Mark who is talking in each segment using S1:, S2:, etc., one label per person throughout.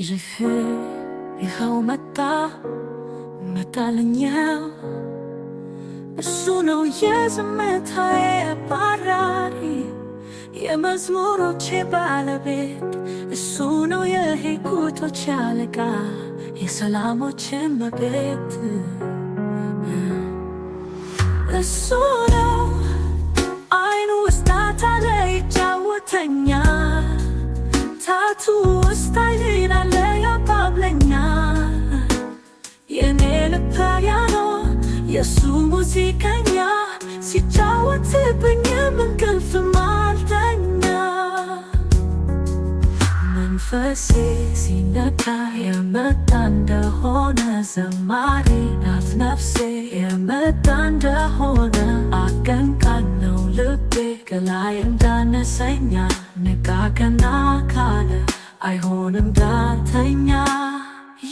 S1: ይህ ይኸው መጣ መጣልኛው እሱ ነው የዝምታዬ አባራሪ የመዝሙሮቼ ባለቤት እሱ ነው የሂኩቶች አለቃ የሰላሞች መቤት እሱ ነው አይኑ ውስጣታ ላይ ይጫወተኛ ታቱ የሱ ሙዚቀኛ ሲጫወትብኝ እንቅልፍ ማልተኛ
S2: መንፈሴ ሲነካ የመጣ እንደሆነ ዘማሪ ናት ነፍሴ የመጣ እንደሆነ አቀንቃኝ ነው ልቤ ከላይ እንዳነሰኛ ንቃቀና ካለ አይሆንም ዳተኛ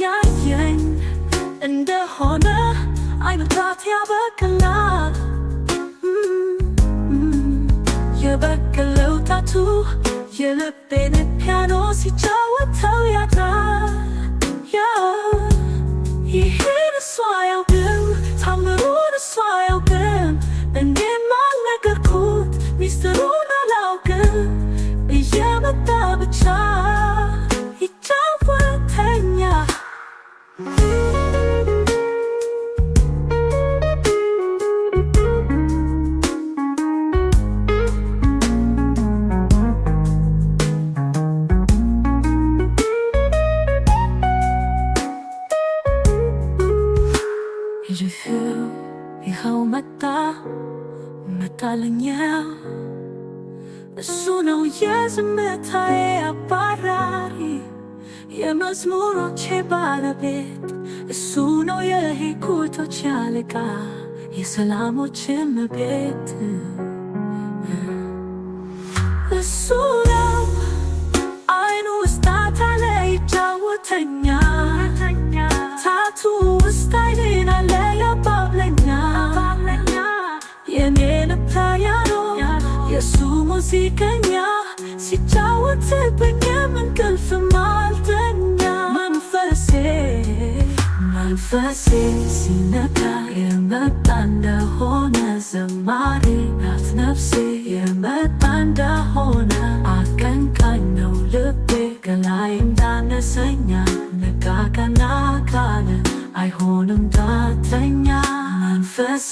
S1: ያየኝ እንደሆነ አይበታት ያበቅላል የበቀለው ታቱ የልቤን ፒያኖ ሲጫ ይኸው መጣ መጣልኛ እሱ ነው የዝምታዬ አባራሪ የመዝሙሮቼ ባለቤት እሱ ነው የሂኩቶች አለቃ የሰላሞችም ቤት እሱ ሙዚቀኛ ሲጫወትብኝም እንቅልፍ ማልተኛ
S2: መንፈሴ መንፈሴ ሲነካ የመጣ እንደሆነ ዘማሪ ናት ነፍሴ የመጣ እንደሆነ አቀንቃኝ ነው ልቤ ገላይ እንዳነሰኛ ነቃቀና ካለ አይሆን መንፈሴ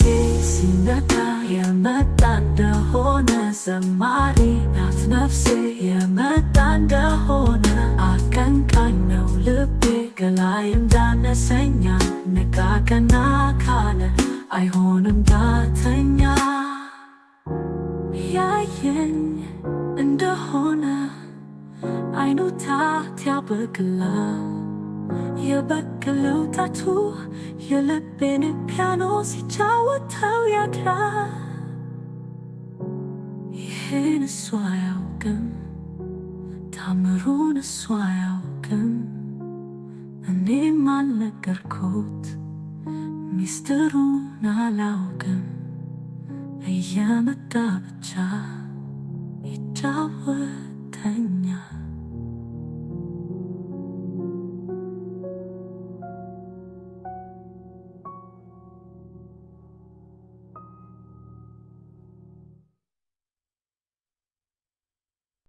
S2: ሲነታ የመጣ እንደሆነ ዘማሪ ናት ነፍሴ የመጣ እንደሆነ አቀንቃኝ ነው ልቤ ከላይ እንዳነሰኛ ነቃቀና ካለ አይሆንም ዳተኛ
S1: ያየኝ እንደሆነ አይኑ ታት ያበቅላል የበቀለው ጣቱ የልቤን ፒያኖ ሲጫወተው ያድራል። ይህን እሱ አያውቅም፣ ታምሩን እሱ አያውቅም። እኔም አልነገርኩት ሚስጥሩን አላውቅም። እየመጣ ብቻ ይጫወት